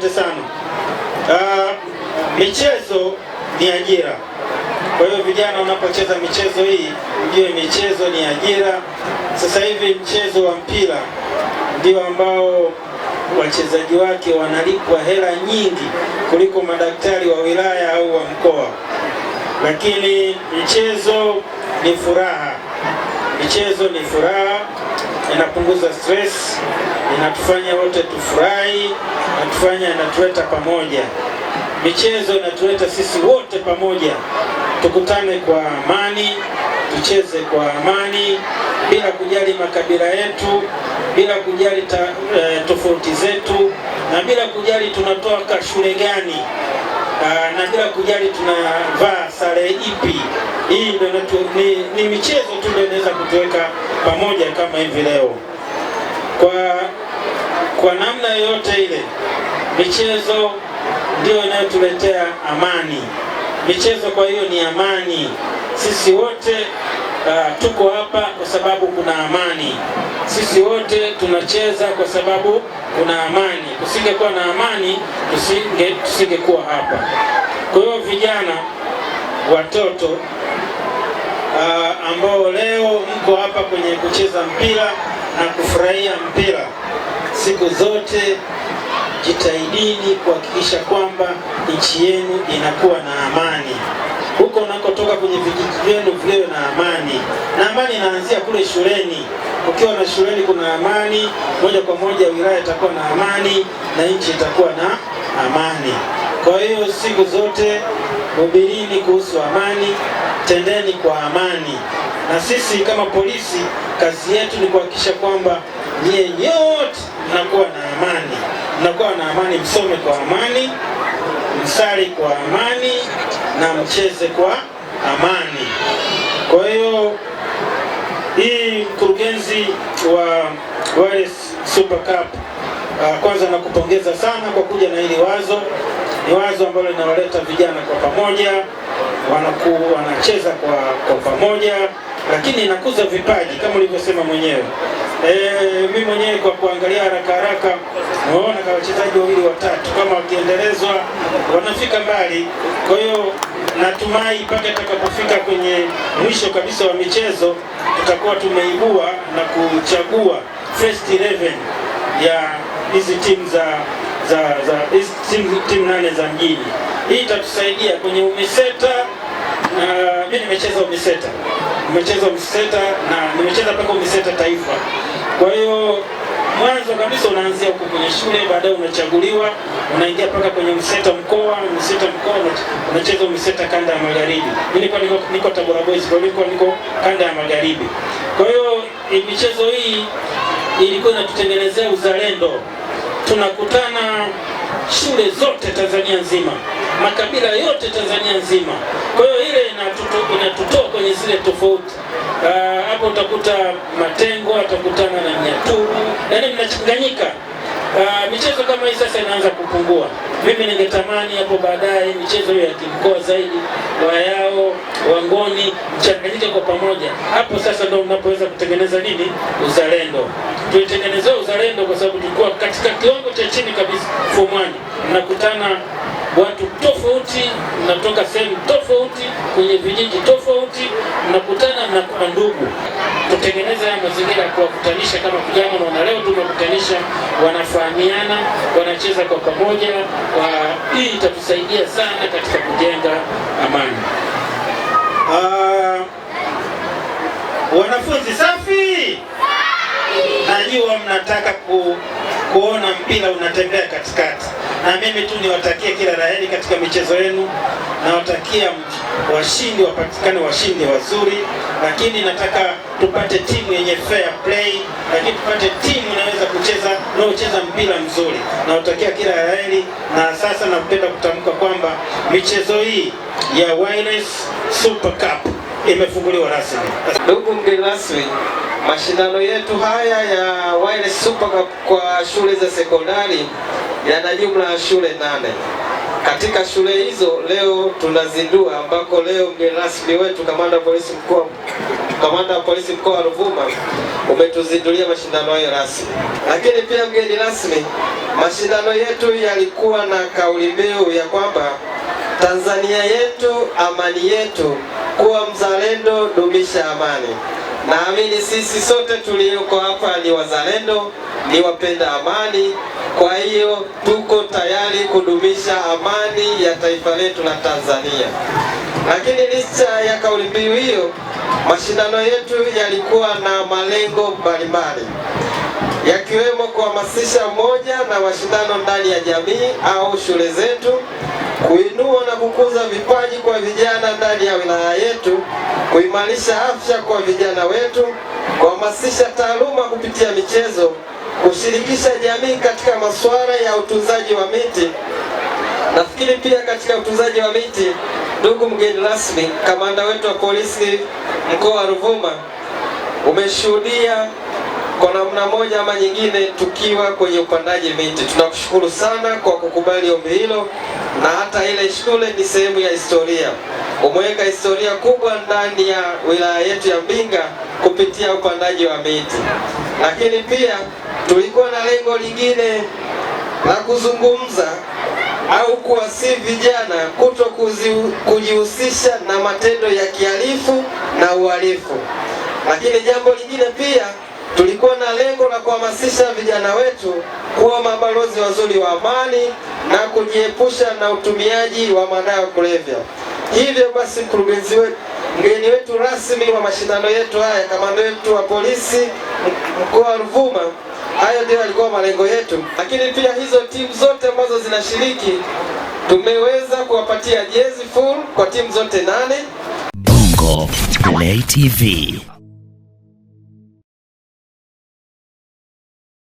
Asante sana. Uh, michezo ni ajira. Kwa hiyo vijana, unapocheza michezo hii ndio michezo ni ajira. Sasa hivi mchezo wa mpira ndio ambao wachezaji wake wanalipwa hela nyingi kuliko madaktari wa wilaya au wa mkoa, lakini mchezo ni furaha. Michezo ni furaha inapunguza stress, inatufanya wote tufurahi, natufanya inatuleta pamoja. Michezo inatuleta sisi wote pamoja, tukutane kwa amani, tucheze kwa amani bila kujali makabila yetu, bila kujali ta, e, tofauti zetu na bila kujali tunatoka shule gani ah, na bila kujali tunavaa sare ipi. Hii ndio ni, ni michezo tu tuone kama hivi leo, kwa kwa namna yoyote ile, michezo ndio inayotuletea amani. Michezo kwa hiyo ni amani. Sisi wote uh, tuko hapa kwa sababu kuna amani. Sisi wote tunacheza kwa sababu kuna amani. Tusingekuwa na amani, tusinge tusingekuwa hapa. Kwa hiyo vijana, watoto uh, ambao leo mko hapa kwenye kucheza mpira na kufurahia mpira. Siku zote jitahidini kuhakikisha kwamba nchi yenu inakuwa na amani, huko unakotoka kwenye vijiji vyenu viwe na amani, na amani inaanzia kule shuleni. Ukiwa na shuleni kuna amani, moja kwa moja wilaya itakuwa na amani na nchi itakuwa na amani. Kwa hiyo siku zote hubirini kuhusu amani tendeni kwa amani. Na sisi kama polisi, kazi yetu ni kuhakikisha kwamba nyie nyote mnakuwa na amani, mnakuwa na amani, msome kwa amani, msali kwa amani na mcheze kwa amani. Kwa hiyo hii mkurugenzi wa Wales Super Cup, ah, kwanza nakupongeza sana kwa kuja na hili wazo. Ni wazo ambalo linawaleta vijana kwa pamoja wanaku, wanacheza kwa, kwa pamoja, lakini inakuza vipaji kama ulivyosema mwenyewe. E, mimi mwenyewe kwa kuangalia haraka haraka naona kama wachezaji wawili watatu kama wakiendelezwa wanafika mbali. Kwa hiyo natumai mpaka atakapofika kwenye mwisho kabisa wa michezo tutakuwa tumeibua na kuchagua first 11 ya hizi timu za, za, za, timu nane za mjini. Hii itatusaidia kwenye UMISETA na mimi nimecheza UMISETA, nimecheza UMISETA na nimecheza mpaka UMISETA taifa. Kwa hiyo mwanzo kabisa unaanzia huko kwenye shule, baadaye unachaguliwa unaingia mpaka kwenye UMISETA mkoa, UMISETA mkoa unacheza UMISETA kanda ya magharibi. Mimi kwa niko niko Tabora Boys, kwa niko, niko kanda ya magharibi. Kwa hiyo michezo hii ilikuwa inatutengenezea uzalendo, tunakutana shule zote Tanzania nzima makabila yote Tanzania nzima. Kwa hiyo ile inatutoa kwenye zile tofauti ah, hapo. Uh, utakuta Matengo atakutana na Nyaturu, yaani mnachanganyika. Uh, michezo kama hii sasa inaanza kupungua. Mimi ningetamani hapo baadaye michezo hiyo ya kimkoa zaidi, wayao wangoni mchanganyike kwa pamoja. Hapo sasa ndio mnapoweza kutengeneza nini, uzalendo. Tuitengenezee uzalendo, kwa sababu tulikuwa katika kiwango cha chini kabisa, form mnakutana watu tofauti, mnatoka sehemu tofauti, kwenye vijiji tofauti, mnakutana, kwa ndugu. Kutengeneza haya mazingira ya kuwakutanisha kama vijana, naona leo tumekutanisha, wanafahamiana, wanacheza kwa pamoja hii itatusaidia sana katika kujenga amani. Uh, wanafunzi safi, najua mnataka ku kuona mpira unatembea katikati. Na mimi tu niwatakie kila laheri katika michezo yenu, nawatakia washindi, wapatikane washindi wazuri, lakini nataka tupate timu yenye fair play, lakini tupate timu inaweza kucheza unaocheza mpira mzuri. Nawatakia kila laheri, na sasa napenda kutamka kwamba michezo hii ya Wireless Super Cup imefunguliwa rasmi. Ndugu mgeni rasmi Mashindano yetu haya ya Wireless Super Cup kwa shule za sekondari yana jumla ya shule nane. Katika shule hizo leo tunazindua, ambako leo mgeni rasmi wetu kamanda wa polisi mkoa kamanda wa polisi mkoa wa Ruvuma umetuzindulia mashindano hayo rasmi. Lakini pia mgeni rasmi, mashindano yetu yalikuwa na kauli mbiu ya kwamba Tanzania yetu, amani yetu, kuwa mzalendo, dumisha amani. Naamini sisi sote tulioko hapa ni wazalendo, ni wapenda amani. Kwa hiyo tuko tayari kudumisha amani ya taifa letu la Tanzania. Lakini licha ya kauli mbiu hiyo, mashindano yetu yalikuwa na malengo mbalimbali yakiwemo kuhamasisha umoja na mashindano ndani ya jamii au shule zetu kuinua na kukuza vipaji kwa vijana ndani ya wilaya yetu, kuimarisha afya kwa vijana wetu, kuhamasisha taaluma kupitia michezo, kushirikisha jamii katika masuala ya utunzaji wa miti. Nafikiri pia katika utunzaji wa miti, ndugu mgeni rasmi, kamanda wetu wa polisi mkoa wa Ruvuma umeshuhudia kwa namna moja ama nyingine tukiwa kwenye upandaji miti. Tunakushukuru sana kwa kukubali ombi hilo na hata ile shule ni sehemu ya historia. Umeweka historia kubwa ndani ya wilaya yetu ya Mbinga kupitia upandaji wa miti, lakini pia tulikuwa na lengo lingine la kuzungumza au kuwasihi vijana kuto kujihusisha na matendo ya kihalifu na uhalifu, lakini jambo lingine pia Tulikuwa na lengo la kuhamasisha vijana wetu kuwa mabalozi wazuri wa amani na kujiepusha na utumiaji wa madawa kulevya. Hivyo basi, mkurugenzi wetu, mgeni wetu rasmi wa mashindano yetu haya, kamanda wetu wa polisi mkoa wa Ruvuma, hayo ndio yalikuwa malengo yetu. Lakini pia hizo timu zote ambazo zinashiriki tumeweza kuwapatia jezi full kwa timu zote nane. Bongo Play TV.